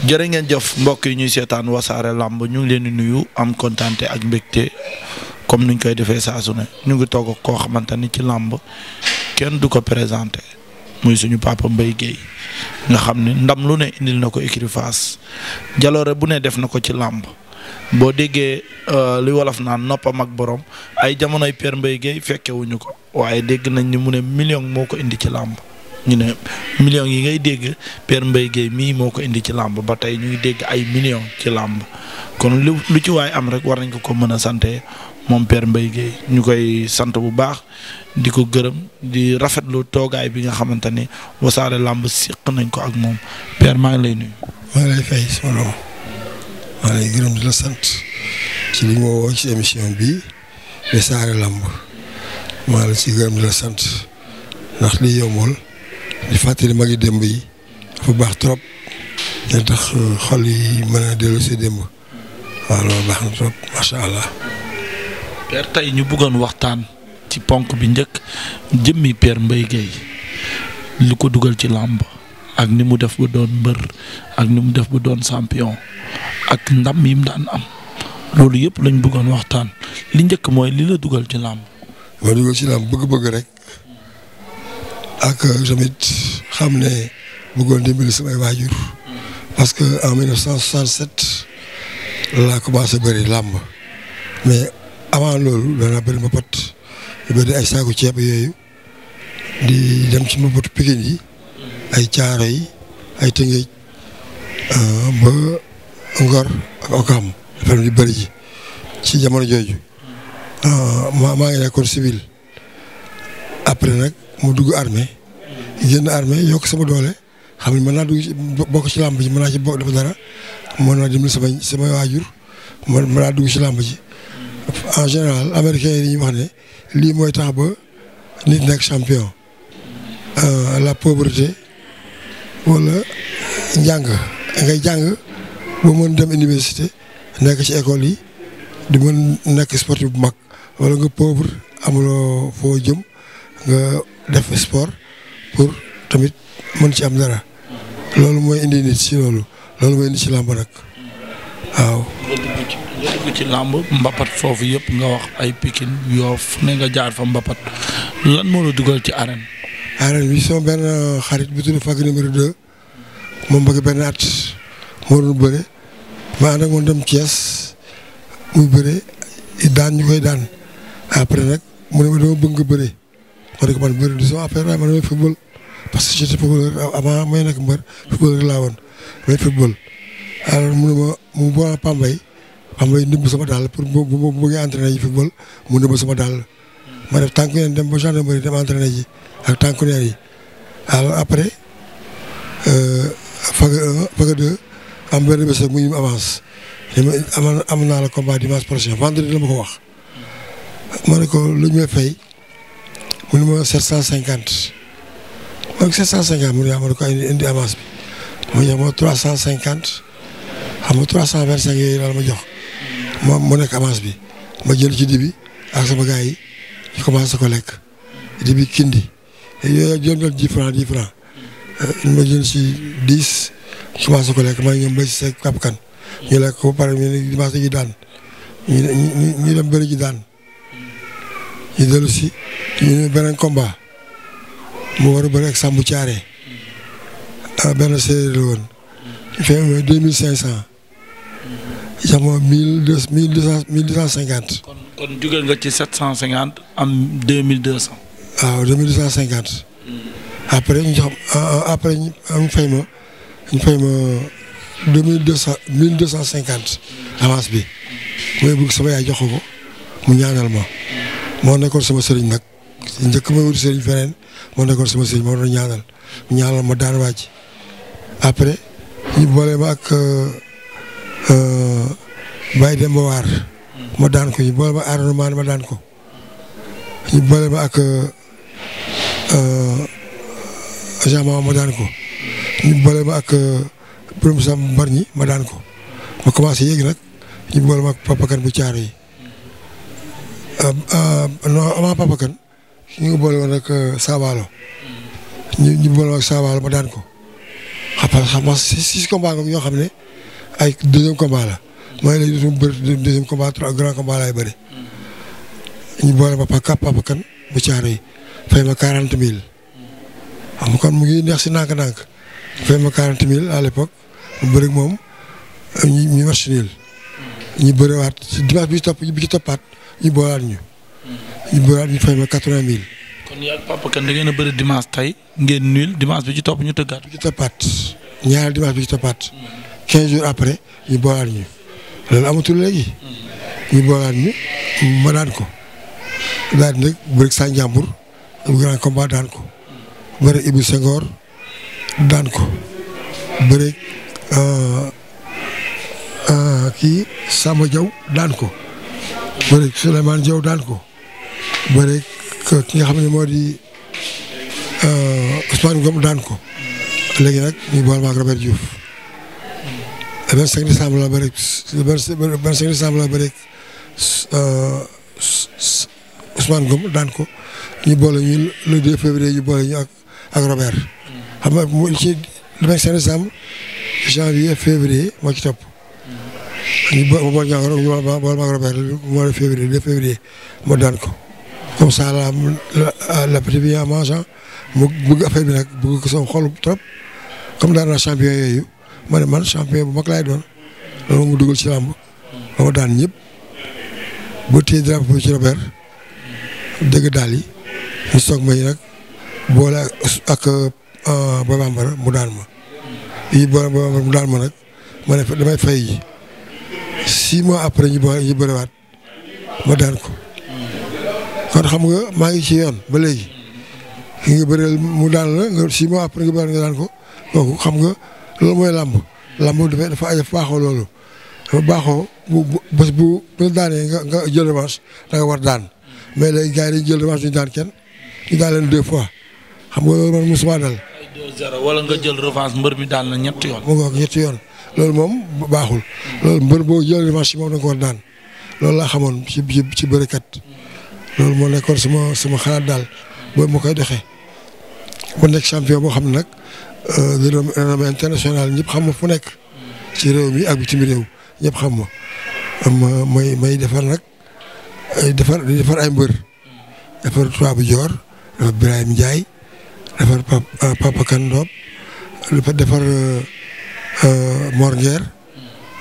jëre ngeen jëf mbokk yi ñuy seetaan wasaare làmb ñu ngi leen di nuyu am kontante ak mbégte comme nuñ koy defee saa ne ñu ngi toog koo xamante ni ci làmb kenn du ko présenté muy suñu papa mbay Guèye nga xam ne ndam lu ne indil na ko écurie Fass jaloore bu ne def na ko ci làmb boo déggee euh, li wolof naan noppam ak borom ay jamonoy per Mbaye Guèye fekkewuñu ko waaye dégg nañ ni mu ne million moo ko indi ci làmb ñu ne million yi ngay dégg Père mbay Guèye mii moo ko indi ci làmb ba tey ñu ngi dégg ay million ci làmb kon lu lu ci waay am rek war nañ ko ko mën a sante moom per mbay Guèye ñu koy sant bu baax di ko gërëm di rafetlu toogaay bi nga xamante ni wasaare làmb siq nañ ko ak moom Père maa ngi lay nuyu. maa lay fay solo maa lay gërëm di la sant ci émission bi wasaare làmb la sant ndax li yombul. di fàttali mag yi démb yi dafa baax trop dina tax euh, xol yi mën a si démb waaw loolu baax trop macha allah. père tey ñu buggoon waxtaan ci ponk bi njëkk jëmmi per Mbaye Guèye li ko dugal ci làmb ak ni mu def ba doon mbër ak ni mu def ba doon champion ak ndam yi mu daan am loolu yëpp lañ buggoon waxtaan li njëkk mooy li la dugal ci làmb. ma dugal ci làmb bëgg-bëgg rek. ak tamit euh, xam ne bëggoon dimbali samay waajur parce que en 1967 laa commencé bëri làmb mais avant loolu danaa bëri mbapat di bëri ay saaku ceeb yooyu di dem ci mbapatu Pikine yi ay caaro yi ay tëngéej euh, ba Ngor ak Okam dafa di bëri ji ci jamono jooju euh, maa maa ngi nekkoon après nag. mu dugg armée génn armée yokk sama doole xam ne mën naa dugg ci bokk ci làmb ji mën naa ci bokk def dara mën naa dimbali sama sama waajur mën naa dugg ci làmb ji. en général américains yi wax ne lii mooy tax ba nit nekk champion. Euh, la pauvreté wala njàng ngay jàng ba mën dem université nekk ci école yi di mën nekk sportif bu mag wala nga pauvre amuloo foo jëm nga def sport pour tamit mën ci am dara loolu mooy indi nit ci loolu loolu mooy indi ci làmb nag waaw. nga mbapat foofu yëpp nga wax ay pikin yoof ne nga jaar fa mbappat lan moo la dugal ci arène. arène bi sama benn xarit bu tudd Fagg numéro 2 moom bëgg benn at moo doon bëre ma ànd ak moom dem Thiès muy bëre daan ñu koy daan après nag mu ne ma dama bëgg nga bëre. ma ne ko man mbir du sama football parce que j'étais footballeur avant may nekk mbër footballeur laa woon damay football. mu ne ma mu boole Pambay Pambay sama dàll pour bu bu bu bëggee entraîné ji football mu ndimb sama dàll. ma def tànku dem ba gendarmerie dem entraîné ji ak tànku yi après euh, faga un am benn bés mu ñu avance. dama am am naa la combat dimanche prochain vendredi la ma ko wax. ma ne ko lu ñu may fay. mu ne ma 750 ma ne 750 mu ma ne ko indi avance bi mu ñëw ma 350 xam nga 325 yooyu daal ma jox ma mu nekk avance bi ma jël ci dibi ak sama gars yi ñu commencé ko lekk dibi kindi yooyu ak juróom-ñett 10 francs 10 francs euh, ma jël ci 10 ko lekk ma ñoom ba ci sa kapkan ñu lekk ko pare ñu ne dimanche ji daan ñu ñu dem bëri ji daan. ñu dellu si ñu ne combat mu war a bëri ak Sambou Thiaré ah, benn séeréer la woon fee mooy mille cinq cent jamono mille deux mille deux cent mille deux cinquante. kon kon jóge nga ci sept cent cinquante am deux mille deux cent. waaw ah, deux mille deux après ñu jox ah, après ñu fay ma ñu fay ma deux mille deux cent mille deux cent cinquante avance bi mooy bëgg sama jox ko mu ñaanal ma. moo nekkoon sama sëriñ nag njëkk ma wut sëriñ feneen moo nekkoon sama sëriñ moo doon ñaanal ñaanal ma daan wàcc après ñu boole ma ak euh, euh, Baye Demba Waar ma daan ko ñu boole ma Arona Mane ma daan ko ñu boole ma ak euh, agent ma ma daan ko ñu boole ma ak borom sam mbar ñi ma daan ko ma commencé yéegi nag ñu boole ma ak Papa bu caaro yi Euh, euh, non avant Papa ñu ngi boole woon ak euh, ñu ñu boole woon ak ma daan ko. après xam nga six six combats ñoo xam ne ay deuxième combat la. mooy la ñu doon bëri deuxième combat trois grand combat laay bëri. ñu boole ma Papa Papa Kane bu caaro yi fay ma quarante mille. xam kon mu ngi neex si nànk-nànk. fay ma quarante mille à l'époque mu bëri moom ñu ñu machine ñu bëriwaat si dimanche bi ci topp bi ci toppaat. ñu boolaat ñu. ñu boolaat ma quatre-vingt mille. kon yaa papa kan da ngeen a bëri dimanche tey ngeen nul dimanche bi ci topp ñu tëggaat. bi ci toppaat ñaareel dimanche bi ci toppaat. quinze jours après ñu boolaat ñu loolu amatul léegi. ñu boolaat ñu ma daan ko daan di nag saa njàmbur am grand combat daan ko. bëri Ibou Senghor daan ko bëri euh, euh, kii Samba Diaw daan ko. bëreeg Souleymane Diaw daan ko bëreeg ki nga xam ne moo di euh, Ousmane Ngom daan ko léegi nag ñu boole maag Robert Diouf le 25 décembre la bëreeg le 25 décembre la bëreeg euh, Ousmane daan ko ñu boole ñu le 2 février ñu boole ñu ak ak Robert xam nga mu ci le 25 janvier février moo ci topp. ñu mu daan ko bi en mangeant mu bëgg ma ne man ci làmb ba ma daan ñëpp ba téye drapeau ci Robert dëgg daal yi ñu soog ma ñu nag boole ak Boy mu daan ma yi boole mu daan ma nag ma ne damay fay. six mois après ñu boole ñu bëriwaat ma daan ko. kon xam nga maa ngi ci yoon ba léegi ki nga bëreel mu daan la nga six mois après nga bëriwaat nga daan ko kooku xam nga loolu mooy làmb. làmb dafay dafa ay dafa baaxoo loolu dafa baaxoo bu bu bés bu bu daanee nga nga jël revanche da war daan mais léegi gars yi dañu jël revanche duñu daan kenn daan leen deux fois xam nga loolu man mosuma dal. ay 2-0 wala nga jël revanche mbër mi daan la ñetti yoon. mu ñetti yoon. loolu moom baaxul. loolu mbër boo jëlee revanche moom da nga daan loolu laa xamoon ci ci ci bërikat loolu moo nekkoon sama suma xalaat daal booy ma koy doxee. mu nekk champion boo xam ne nag euh, dina international ñëpp xam ma fu nekk. ci réew mi ak bitim réew ñëpp xam ma ma may may defar nag ay defar di defar ay mbër. defar Tuubaa Joor defar Birahim Ndiaye defar euh, Papa Papa Kandop defar. Euh, Euh, Mor Nguer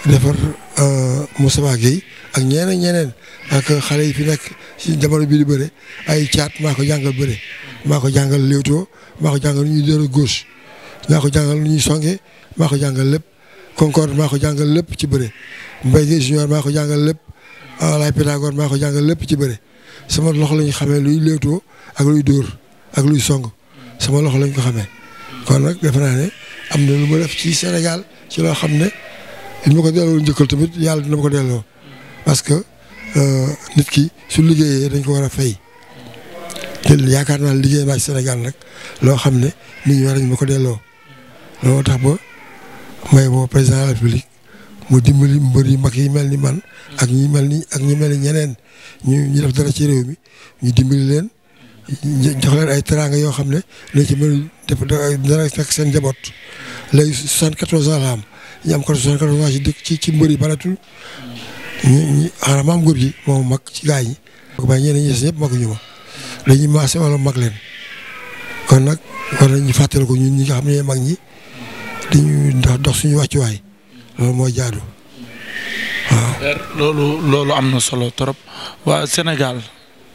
defar euh, Moustapha Guèye ak ñeneen ñeneen ak xale yi fi nekk ci jamono bii di bëre ay caat maa ko jàngal bëre maa ko jàngal léewtoo maa ko jàngal ñuy dóor gauche maa ko jàngal ñuy songe maa jàngal lépp concorde maa ko jàngal lépp ci bëre Mbaye Guèye junior maa ko jàngal lépp alaay Pythagore maa ko jàngal lépp ci bëre sama loxo lañu xame luy léewtoo ak luy dóor ak luy song sama loxo lañ ko xamee kon nag defe naa ne am na lu mu def ci Sénégal ci loo xam ne li ma ko delloo njëkkal tamit yàlla dina ma ko delloo parce que euh, nit ki su liggéeyee dañ ko war a fay te yaakaar naa liggéey baa ci Sénégal rek loo xam ne nit ñi war nañ ma ko delloo loo tax ba may woo président de la République mu dimbali mbër yu mag yi mel ni man ak ñu mel ni ak ñi mel ni ñeneen ñu ñu def dara ci réew mi ñu dimbali leen. jox leen ay teraanga yoo xam ne dañ ci mën def dana fekk seen njaboot léegi soixante-quatorze ans la am ñu am ko soixante-quatorze ans ci ci ci mbër balatu baratul ñu ñu xanaa maam moom mag ci gaa yi. waaye ñeneen ñi des ñëpp maguñu ma dañuy maase wala mag leen kon nag war nañu fàttali ko ñun ñi xam ne mag ñi dañuy dox suñu wàccuwaay loolu mooy jaadu waaw. loolu loolu am na solo trop waa Sénégal.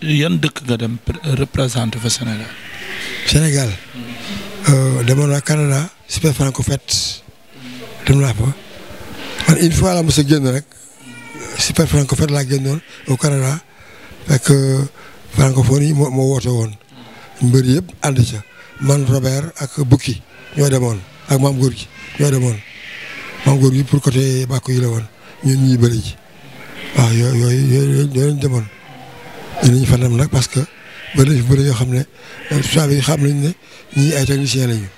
yan dëkk nga dem représenté fa Sénégal. Euh, demoon naa Canada Super Franco dem naa fa man une fois la génn rek Super Franco laa génnoon au Canada fekk euh, francophonie moo woote woon mbër yëpp ànd ca man Robert ak Bukki ñoo demoon ak maam góor gi ñoo demoon maam góor gi pour côté bàkku yi la woon ñun ñii bëri ji waaw yooyu yooyu yooyu demoon. dinañ fa dem nag parce que ba na fi bëri yoo xam ne soit euh, xam nañ ne ñii ay techniciens lañu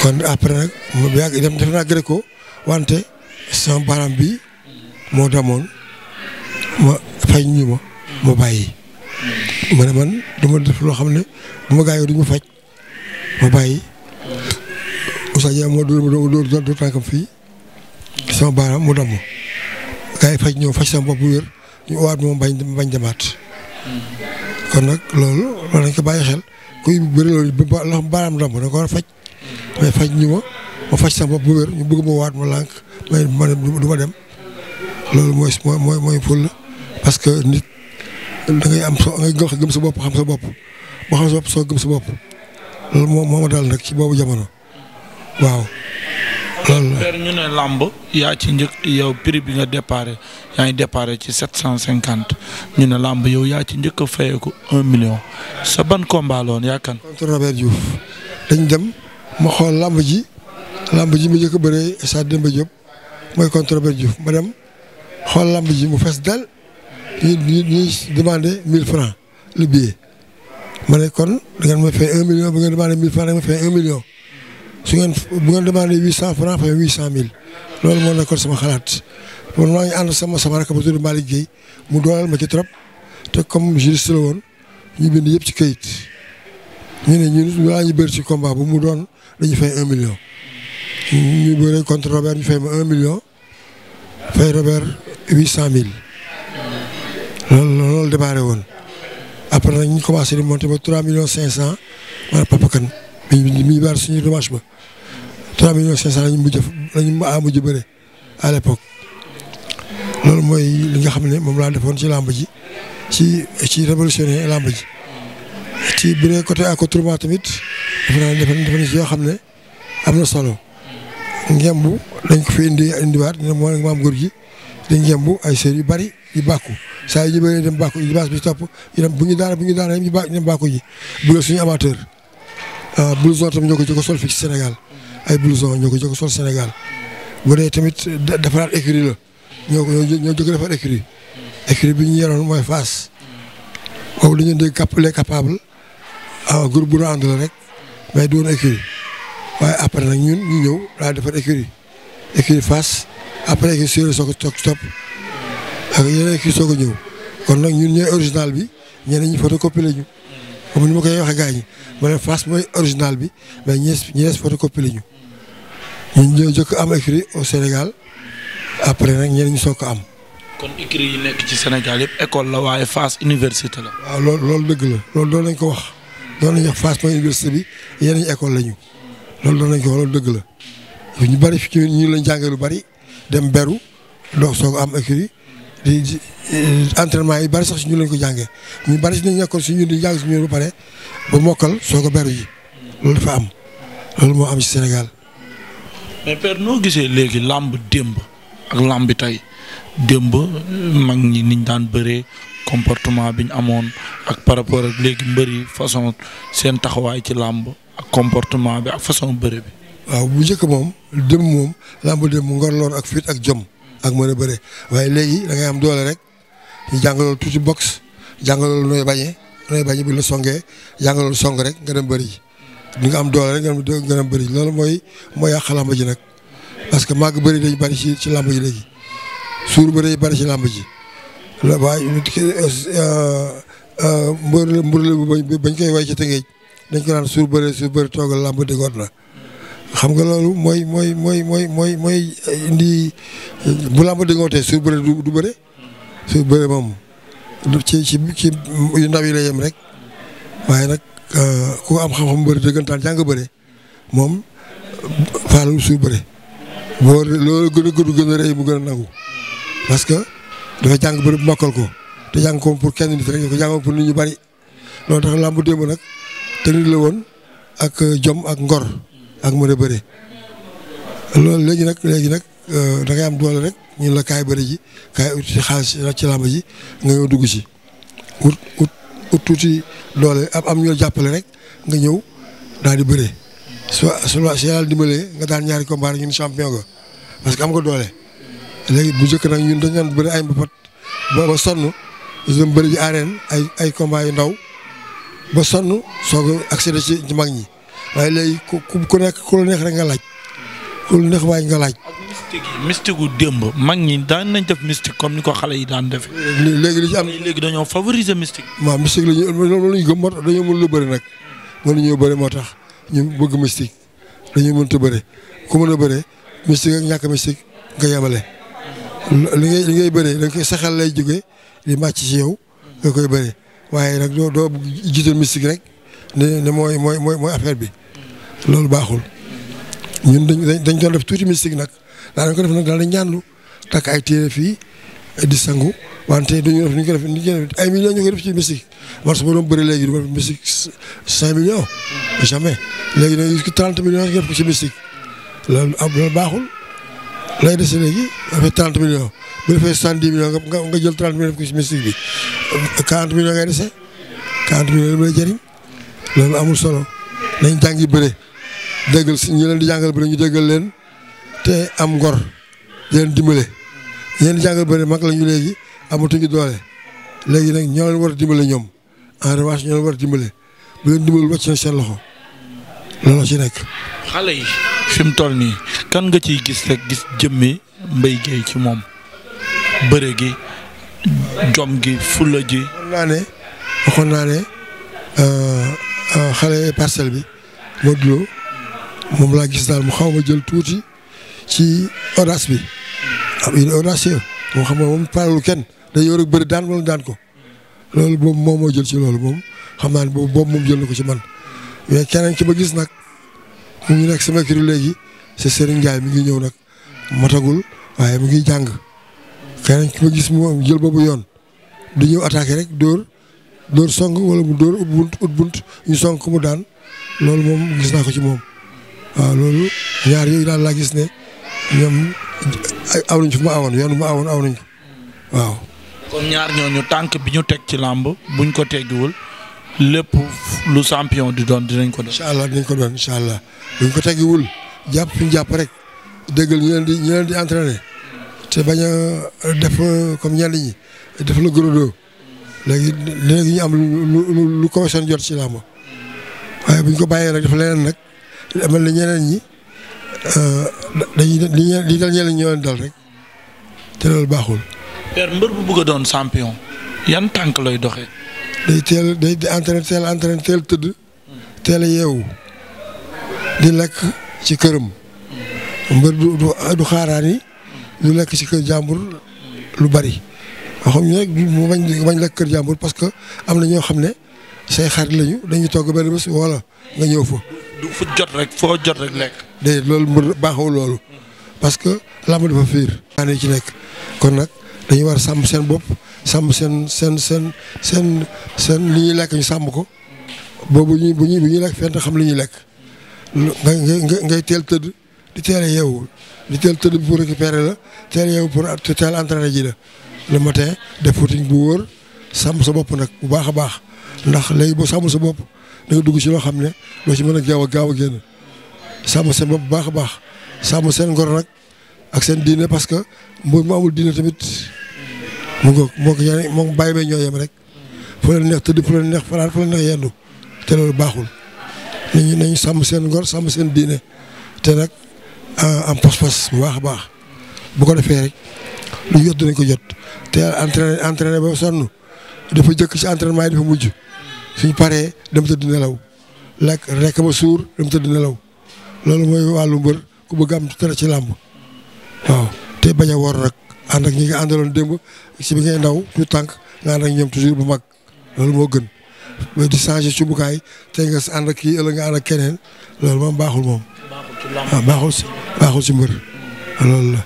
kon après nag mu dem wante sama baram bi moo damoon ma faj ñu ma ma bàyyi. ma ne man du ma def loo xam ne bu ma gaañoo du ñu faj ma bàyyi Moussa Diagne moo dóor ma dóor dóor tànkam fii sama baram mu damm gars yi faj ñëw faj sama bopp wér. ñu owaat moom bañ bañ kon nag loolu war nañ bàyyi xel kuy bëri loolu ba loo xam ko war a faj. mais faj ñu ma ma faj sama bopp bu wér ñu bëgg ma waat ma lànk mais ma dem loolu mooy mooy mooy parce que nit dangay am soo da gëm sa bopp xam sa bopp boo xam sa bopp soo gëm sa bopp loolu moo moo ma daal nag ci boobu jamono waaw. loolu ñu bi nga déparé. yaa ngi déparé ci sept cent cinquante ñu ne làmb yow yaa ci njëkk a fayeeku un million sa ban combat la woon Robert Diouf dañ dem ma xool làmb ji làmb ji mu njëkk a bëree stade Demba mooy contre Robert Diouf ma dem xool làmb ji mu fes del ñu ñu ñu demandé mille francs le ma ne kon da ngeen ma fay un ngeen demandé mille francs da ngeen huit cent francs fay huit mille loolu moo nekkoon sama xalaat man maa ngi ànd sama sama rakk ba tudd Malick Guèye mu dooleel ma ci trop te comme juriste la woon ñu bind yëpp ci kayit ñu ne ñun balaa ñu bëri ci combat bu mu doon dañu fay un million. ñu bëree contre Robert ñu fay ma un million fay Robert huit cent mille loolu loolu démarré woon après nag ñu commencé di monter ba trois millions cinq cent maanaam Papa Kane mi mi mi baal suñu revanche ba trois millions cinq cent lañu mujj lañu mujj bëre loolu mooy li nga xam ne moom laa defoon ci làmb ji ci ci révolutionné làmb ji ci bi ne ak accoutrement tamit defe naa defe yoo xam ne am na solo ngemb dañ ko fi indi indiwaat ne moo maam góor gi di ngemb ay séer yu bari yu bàkku saa yu ñu bëri dem bàkku yu baas bi topp yu dem ñu daana bu ñu daana ñu dem bàkku ji bu suñu amateur ah, blouson tam ko jëkk sol fii ci Sénégal ay blouson ñoo ko jëkk sol Sénégal bu tamit defaraat écurie la ñoo ñoo ñoo jóg defar écrit écrit bi ñu yoroon mooy Fass boobu dañu dégg cap les capables ah groupe bu ñu rek mais du woon écrit waaye après nag ñun ñu ñëw laa defar écrit écrit Fass après écrit Séré soo ko topp ak yeneen écrit soo ko ñëw kon nag ñun ñooy original bi ñeneen ñu photocopie la ñu. comme ni ma koy waxee gars ma ne Fass mooy original bi mais ñi des ñi ñu ñun ñoo jëkk am écrit au Sénégal. après nag ñeneen ñu soog ko am. kon écuries yi nekk ci Sénégal yëpp école la waaye Fass université la. waaw loolu loolu dëgg la loolu doon lañ ko wax doon lañ wax Fass mooy université bi yeneen école lañu loolu doon nañ ko wax loolu dëgg la ñu bari fi ci ñu lañ jàngee lu bari dem beru doog soog am écurie di eh, entraînement yi bari sax si ñu lañ ko jàngee ñu bari si ñu nekkoon si ñun di jàng si ñun ba pare ba mokkal soo ko beru ji loolu dafa am loolu moo am ci Sénégal. noo gisee léegi làmb démb. ak làmb bi tey démb mag ñi niñ daan bëree comportement bi ñu amoon ak par rapport ak léegi mbëri façon seen taxawaay ci làmb ak comportement bi ak façon bëre bi. waaw bu njëkk moom démb moom làmb démb ngor loon ak fit ak jom ak mën a bëre waaye léegi da ngay am doole rek ñu jàngalool tuuti box jàngalool nooy bañee nooy bañee bi la songee jàngalool song rek nga dem bëri. di nga am doole rek nga dem bëri loolu mooy mooy yàq làmb ji nag. parce que màgg bëri dañu bari ci ci làmb ji léegi suur bëri dañu bari ci làmb ji la waaye euh, euh, bañ koy way ci tëngeej dañ ko naan suur bëri suur bëri toogal làmb di goot la xam nga loolu mooy mooy mooy mooy mooy mooy indi bu làmb di gootee suur bëri du du suur bëri moom ci ci ndaw yi la yem rek waaye nag euh, ku am xam-xam bëri dëggantaan jàng bëri moom faalu suur bëri moo loolu gën a gudd gën a rëy mu gën a nangu parce que dafa jàng bërëb mokkal ko te jàng ko pour kenn nit rek ko jàngoon pour nit ñu bari loolu tax làmb démb nag technique la woon ak euh, jom ak ngor ak mën a bëre loolu léegi nag léegi nag euh, da ngay am doole rek ñu la kaay bëri ji kaay ut si xaalis ci làmb ji nga ñëw dugg ci ut ut ut doole am am ñoo jàppale rek nga ñëw daal di bëre. su su su yàlla dimbalee nga daan ñaari combat ñun champion ko parce que am nga doole léegi bu njëkk nag ñun dañu daan bëri ay mbapat ba ba sonn dañu doon bëri ji arène ay ay combat yu ndaw ba sonn soog a accéder ci ci mag ñi waaye léegi ku ku nekk ku neex rek nga laaj ku la neex waaye nga laaj. mystique mystique gu démb mag ñi daan nañ def mystique comme ni ko xale yi daan defee. léegi li ci am léegi dañoo favoriser mystique. waaw mystique la moo tax dañoo mën lu bëri nag mënuñoo bëri moo tax. ñu bëgg mystique dañuy mënut a bëre ku mën a bëre mystique ak ñàkk mystique nga yemale. li ngay li ngay bëree da nga koy saxal lay jóge di màcc ci yow nga koy bëree waaye nag doo doo jiital mystique rek ne ne mooy mooy mooy affaire bi loolu baaxul. ñun dañ dañ doon def tuuti mystique nag daanañ ko def nag daal di ñaanlu takk ay téere fii di sangu wante duñu def ñu ko def ay millions ñu koy def ci mystique war su ma doon bëri léegi du ma mystique cinq millions jamais léegi nag ki trente millions ngeen ko ci mystique loolu am loolu baaxul lay dese léegi dafay trente millions bu defee cent dix millions nga nga jël trente millions def ko ci mystique bi quarante millions ngay dese quarante millions lu lay jëriñ loolu amul solo nañ jàngi bëre déggal si ñi leen di jàngal bëre ñu déggal leen te am ngor di leen dimbale ñi leen di jàngal bëre mag la ñu léegi amatuñu doole léegi nag ñoo leen war a dimbale ñoom en revanche war a dimbale bu leen dimbalul wàcc seen seen loxo loolu ci nekk. xale yi fi mu toll nii kan nga ciy gis rek gis jëmmi mbay Guèye ci moom bëre gi jom gi fula ji. waxoon ne waxoon naa ne euh, euh, xale parcelle bi Modou moom laa gis daal mu xaw ma jël tuuti ci audace bi. am ah, une audacieux moo xam ne moom paaralu kenn day yor ak bëri daan wala daan ko. loolu boobu moom moo jël ci loolu moom xam naa ne boobu boobu moom jël na ko ci man mais keneen ki ba gis nag mu ngi nekk sama kër léegi si Serigne Ndiaye mi ngi ñëw nag matagul waaye mu ngi jàng keneen ki ma gis mu jël boobu yoon du ñëw attaqué rek dóor dóor song wala mu dóor ut bunt ut bunt ñu song ko mu daan loolu moom gis naa ko ci moom. waaw loolu ñaar yooyu daal laa gis ne ñoom aw nañ fi ma awoon yoon bi ma awoon aw nañ ko waaw. kon ñaar ñooñu tànk bi ñu teg ci làmb bu buñ ko teggiwul lépp lu champion di doon dinañ ko doon. incha allah dinañ ko doon incha allah buñ ko teggiwul jàpp fi jàpp rek déggal ñu di ñu di entraîné te bañ a def comme ñenn ñi def lu gros dos léegi léegi ñu am lu lu ko seen jot ci làmb waaye buñ ko bàyyee rek def leneen nag amal na ñeneen ñi euh, dañuy li dal ñeneen ñoo leen dal rek te loolu baaxul. père mbër bu bëgg a doon champion yan tànk lay doxee. day teel day entraîné teel entraîné teel tëdd. teel a yeewu di lekk ci këram. mbër du du xaaraani du lekk ci kër jàmbur lu bari. xam ñu rek mu bañ parce que am na ñoo xam ne say xarit lañu dañuy togg benn bés wala nga ñëw fa. du fu jot rek foo jot rek lekk. déedéet loolu mbër baaxoo loolu. parce que làmb dafa fiir. ci nekk kon nag. dañuy war a sàmm seen bopp sàmm seen seen seen seen seen li ñuy lekk ñu sàmm ko boobu ñuy bu ñu bu ñuy lekk fent xam li ñuy lekk ngay ngay ngay teel tëdd di teel a yeewu di teel tëdd pour récupérer la teel a yeewu pour teel entraîné ji la le matin def footing bu wóor sàmm sa bopp nag bu baax a baax ndax léegi boo sàmm sa bopp da dugg ci loo xam ne loo ci mën a gaaw a gaaw a génn sàmm seen bopp bu baax a baax sàmm seen ngor nag. ak seen diine parce que mbuur mu amul diine tamit mu ngoog moo ko moom bàyyi may ñoo yem rek fu leen neex tëdd fu leen neex fanaan fu leen neex yendu te loolu baaxul nañu nañu sàmm seen ngor sàmm seen diine te nag euh, am pas-pas bu baax a baax bu ko defee rek lu jot dinañ ko jot te entraîné entraîné ba sonn dafa jëkk ci entraînement yi dafa mujj suñ paree dem tëdd nelaw lekk rekk ba suur dem tëdd nelaw loolu mooy wàllu mbër ku bëgg am dara ci làmb waaw te bañ a wor rek ànd ak ñi nga àndaloon démb si bi ngay ndaw ñu tànk nga ànd ak ñoom toujours bu mag loolu moo gën mais di changer subukaay tey nga ànd kii ëllëg nga ànd ak keneen loolu moom baaxul si baaxul si mbër loolu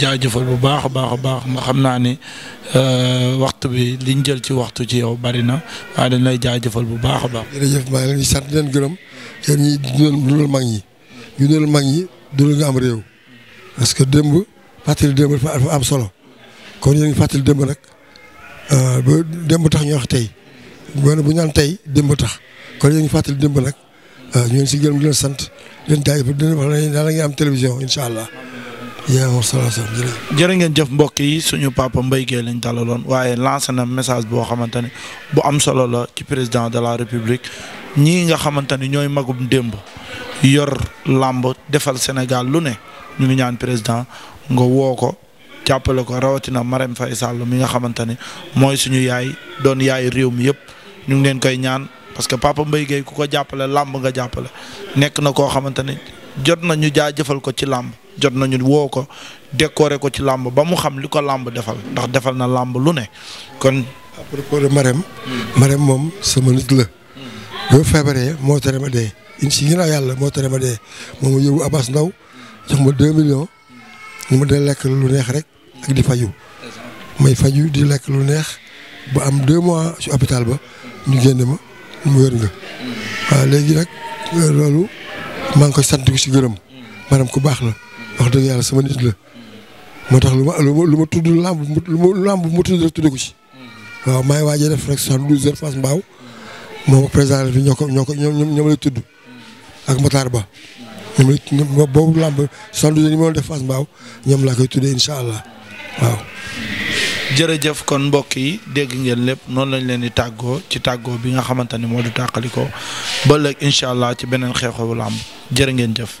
jaajëfal bu baax a baax a baax nga xam naa ni euh, waxtu bi liñ jël ci waxtu ci yow bari na waaye dañ jaajëfal bu baax a baax. jërëjëf maa ngi leen di leen gërëm yéen ñii mag ñi ñu dundal mag ñi. dund nga am réew parce que démb fàttali démb dafa am solo kon yéen ngi fàttali démb nag euh, ba démb tax ñu wax tey bu bu ñaan tey démb tax kon yéen ngi fàttali démb nag euh, ñu ngi si gërëm di leen sant di leen jaajëfal di daal la nga am télévision incha allah. yaa jërë ngeen jëf mbokk yi suñu papa Mbaye Guèye lañ dalaloon waaye lancé na message boo xamante ne bu am solo la ci président de la république ñii nga xamante ne ñooy magum démb. yor làmb defal Sénégal lu ne ñu ngi ñaan président nga woo ko jàppale ko rawatina Marème Faye Sall mi nga xamante ne mooy suñu yaay doon yaay réew mi yëpp ñu ngi leen koy ñaan parce que Papa Mbaye Guèye ku ko jàppale làmb nga jàppale nekk na koo xamante ne jot nañu jëfal ko ci làmb jot nañu woo ko décorer ko ci làmb ba mu xam li ko làmb defal ndax defal na làmb lu ne kon. à propos moom sama nit la. bu feebaree moo tere ma dee. in si ginnaaw yàlla moo tere ma dee moo ma yóbbu Abass Ndaw jox ma 2 millions ñu ma dee lekk lu neex rek ak di faju may faju di lekk lu neex bu am 2 mois ci hôpital ba ñu génn ma mu wér nga. waaw léegi nag euh, loolu maa ngi koy sant ko si gërëm maanaam ku baax na wax dëgg yàlla sama nit la moo tax lu ma lu ma tudd làmb lu ma làmb ma tudd rek tudd ko ci. waaw maa ngi waaj def rek soixante douze heures face mbaaw moom ak président bi ñoo ko ñoo ko ñoom ñoom lay tudd. ak Matar Ba. ñoom it boobu làmb sànq yi ma def Fass mbaaw ñoom laa koy de incha allah waaw. jërëjëf kon mbokk yi dégg ngeen lépp noonu lañ leen di tàggoo ci tàggoo bi nga xamante ne moo di tàqaliko ba léegi incha allah ci beneen xew-xewu làmb jërë ngeen jëf.